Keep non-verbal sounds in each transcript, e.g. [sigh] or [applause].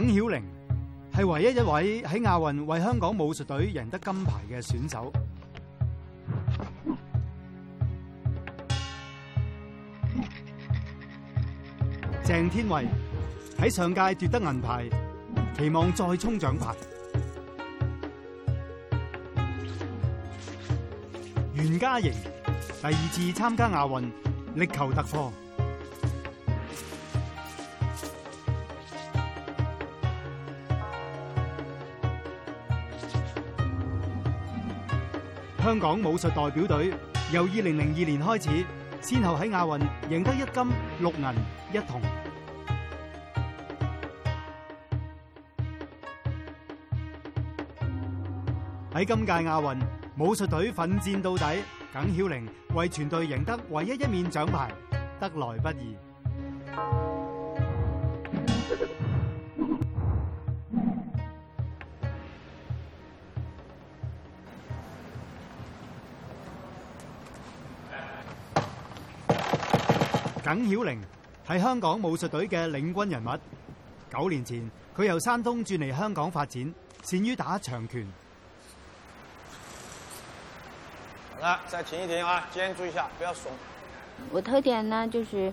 耿曉靈係唯一一位喺亞運為香港武術隊贏得金牌嘅選手。鄭天慧喺上屆奪得銀牌，期望再衝獎牌。袁嘉瑩第二次參加亞運，力求突破。香港武術代表隊由二零零二年開始，先後喺亞運贏得一金六銀一銅。喺今屆亞運，武術隊奮戰到底，耿曉靈為全隊贏得唯一一面獎牌，得來不易。耿曉靈係香港武術隊嘅領軍人物。九年前，佢由山東轉嚟香港發展，善於打長拳。好啦，再停一停啊，堅持一下，不要慫。我特點呢，就是。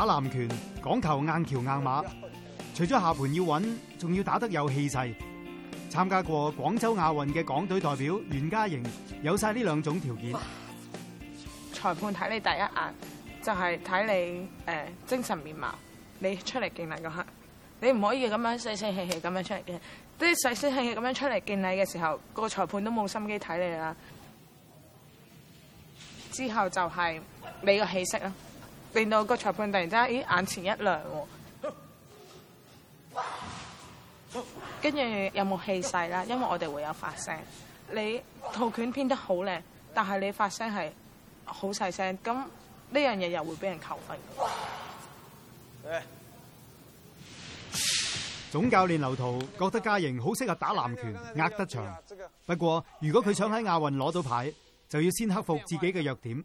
打南拳講求硬橋硬馬，除咗下盤要穩，仲要打得有氣勢。參加過廣州亞運嘅港隊代表袁嘉瑩有晒呢兩種條件。裁判睇你第一眼就係、是、睇你誒、呃、精神面貌，你出嚟敬禮嗰刻，你唔可以咁樣細聲氣氣咁樣出嚟嘅，啲細聲氣氣咁樣出嚟敬禮嘅時候，個裁判都冇心機睇你啦。之後就係你個氣息啦。令到個裁判突然間，咦！眼前一亮喎。跟住有冇氣勢啦？因為我哋會有發聲。你套拳編得好靚，但係你發聲係好細聲，咁呢樣嘢又會俾人扣分。總教練劉濤覺得嘉瑩好適合打南拳，壓得場。不過，如果佢想喺亞運攞到牌，就要先克服自己嘅弱點。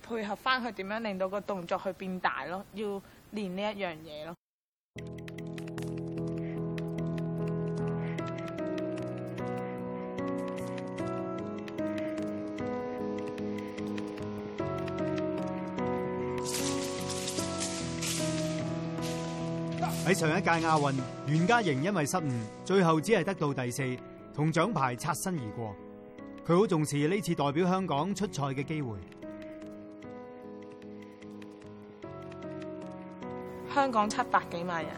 配合翻佢點樣令到個動作去變大咯，要練呢一樣嘢咯。喺上一屆亞運，袁嘉瑩因為失誤，最後只係得到第四，同獎牌擦身而過。佢好重視呢次代表香港出賽嘅機會。香港七百幾萬人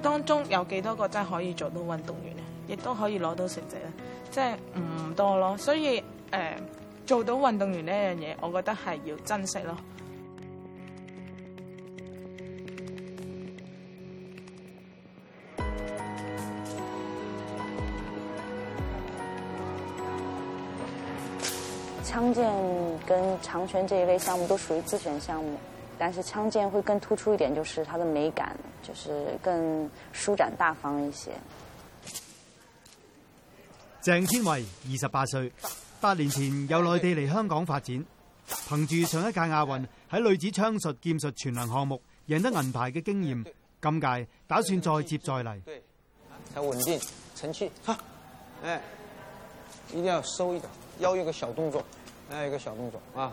當中有幾多個真係可以做到運動員咧，亦都可以攞到成績咧，即係唔多咯。所以誒、呃，做到運動員呢一樣嘢，我覺得係要珍惜咯。槍劍跟長拳這一類項目都屬於自選項目。但是槍劍會更突出一點，就是它的美感，就是更舒展大方一些。鄭天慧，二十八歲，八年前由內地嚟香港發展，憑住上一屆亞運喺女子槍術劍術全能項目贏得銀牌嘅經驗，今屆打算再接再厲。對，才穩定，成去，欸，一定要收一點，要一個小動作，要一個小動作啊。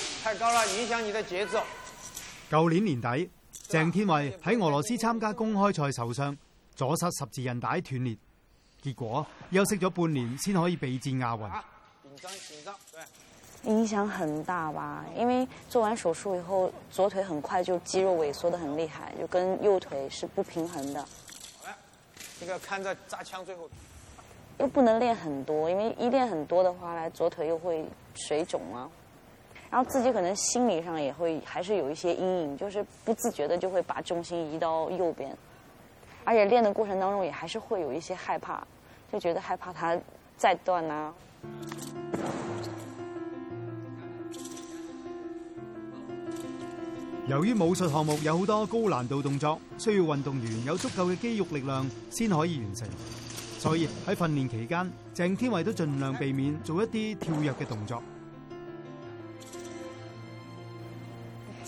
太高啦，影響你的節奏。舊年年底，鄭、啊、天慧喺俄羅斯參加公開賽受傷，左膝十字韌帶斷裂，結果休息咗半年先可以備戰亞運。緊張緊張，對。影響很大吧，因為做完手術以後，左腿很快就肌肉萎縮得很厲害，就跟右腿是不平衡的。好啦，這個看着扎槍最後。又不能練很多，因為一練很多的話呢，左腿又會水腫啊。然後自己可能心理上也會還是有一些陰影，就是不自覺的就會把重心移到右邊，而且練的過程當中也還是會有一些害怕，就覺得害怕它再斷吶啊。由於武術項目有好多高難度動作，需要運動員有足夠嘅肌肉力量先可以完成，所以喺訓練期間，鄭天慧都盡量避免做一啲跳躍嘅動作。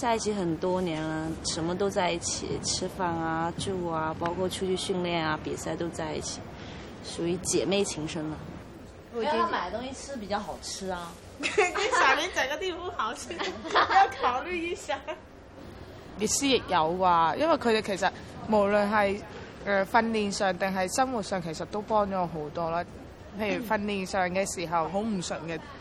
在一起很多年啦，什麼都在一起，吃飯啊、住啊，包括出去訓練啊、比賽都在一起，屬於姐妹情深啊。了。要買東西吃比較好吃啊。跟小林整個地方好吃，你要考慮一下。亦師亦友啊，因為佢哋其實無論係誒、呃、訓練上定係生活上，其實都幫咗我好多啦。譬如訓練上嘅時候好唔順嘅。 [laughs]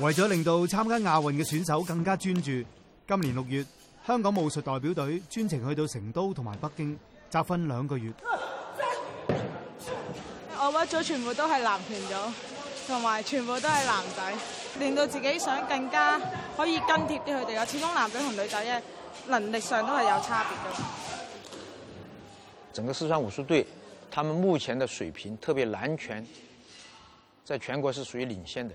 為咗令到參加亞運嘅選手更加專注，今年六月，香港武術代表隊專程去到成都同埋北京集訓兩個月。我組全部都係男團組，同埋全部都係男仔，令到自己想更加可以跟貼啲。佢哋有始終男仔同女仔嘅能力上都係有差別噶。整個四川武術隊，他們目前的水平，特別南拳，在全國是屬於領先的。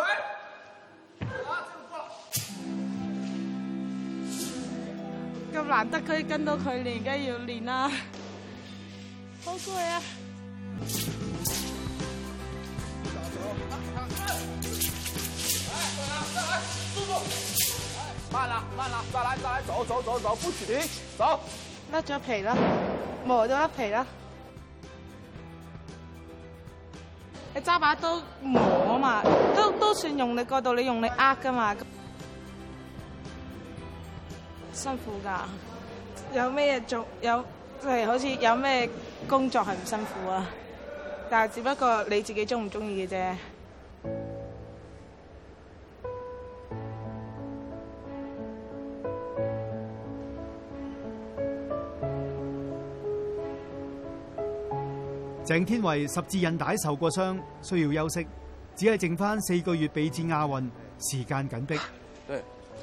難得可以跟到佢練，梗係要練啦。好攰啊！慢啦，慢啦，再來，再來，走走走走，不許停，走。甩咗皮啦，磨咗粒皮啦。你揸把刀磨嘛，都都算用力過度，你用力壓噶嘛。辛苦噶，有咩做？有即係好似有咩工作係唔辛苦啊？但係只不過你自己中唔中意嘅啫。鄭天慧十字韌帶受過傷，需要休息，只係剩翻四個月備戰亞運，時間緊迫。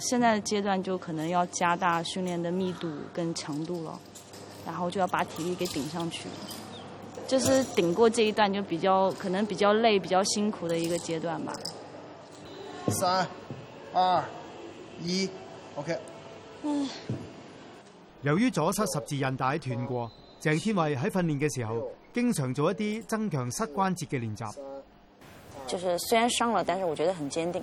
現在的階段就可能要加大訓練的密度跟強度了，然後就要把體力給頂上去，就是頂過這一段就比較可能比較累，比較辛苦的一個階段吧。三、二、一，OK。由於左膝十字韌帶斷過，鄭天慧喺訓練嘅時候經常做一啲增強膝關節嘅練習。就是雖然傷了，但是我覺得很堅定。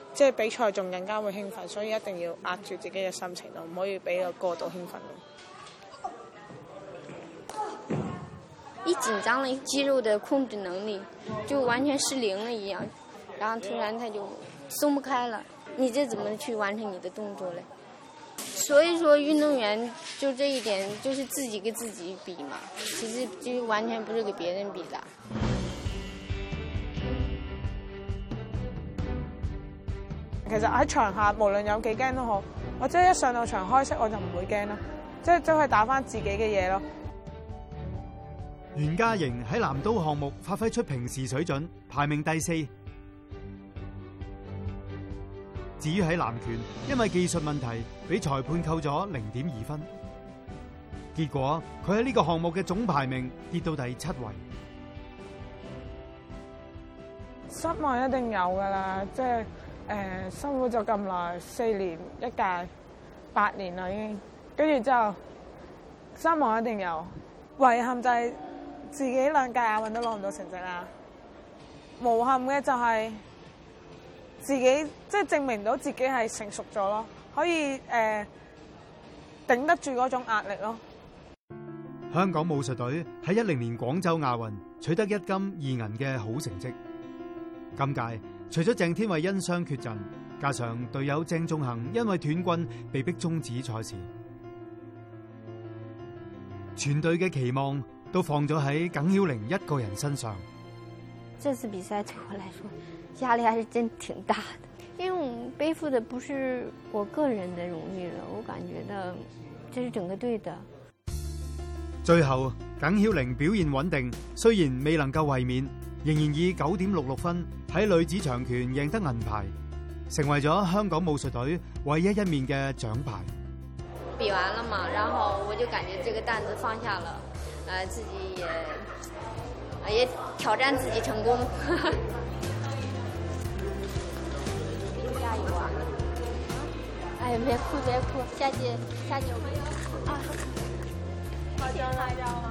即係比賽仲更加會興奮，所以一定要壓住自己嘅心情咯，唔可以俾個過度興奮咯。一緊張咧，肌肉嘅控制能力就完全失靈了一樣。然後突然它就鬆不開了，你這怎麼去完成你的動作咧？所以說運動員就這一點，就是自己跟自己比嘛，其實就完全不是給別人比的。其實喺場下無論有幾驚都好，我即係一上到場開色，我就唔會驚啦，即係都係打返自己嘅嘢咯。袁嘉瑩喺南刀項目發揮出平時水準，排名第四。至於喺南拳，因為技術問題，俾裁判扣咗零點二分，結果佢喺呢個項目嘅總排名跌到第七位。失望一定有㗎喇，即係。誒、呃，辛苦咗咁耐，四年一屆，八年啦已經，跟住之後，失望一定有，遺憾就係自己兩屆亞運都攞唔到成績啦。無憾嘅就係自己即係、即係、證明到自己係成熟咗咯，可以誒頂、呃、得住嗰種壓力咯。香港武術隊喺一零年廣州亞運取得一金二銀嘅好成績，今屆。除咗鄭天慧因傷缺陣，加上隊友鄭仲恆因為斷棍被逼終止賽事，全隊嘅期望都放咗喺耿曉靈一個人身上。這次比賽對我來說壓力還是真挺大的，因為我背負的不是我個人的榮譽，我感覺到這是整個隊的。最後，耿曉靈表現穩定，雖然未能夠衛冕，仍然以九點六六分，喺女子長拳贏得銀牌，成為咗香港武術隊唯一一面嘅獎牌。比完了嘛，然後我就感覺這個擔子放下了，呃，自己也，也挑戰自己成功，加油啊！哎，別哭別哭，下次下次！啊，好甜啊！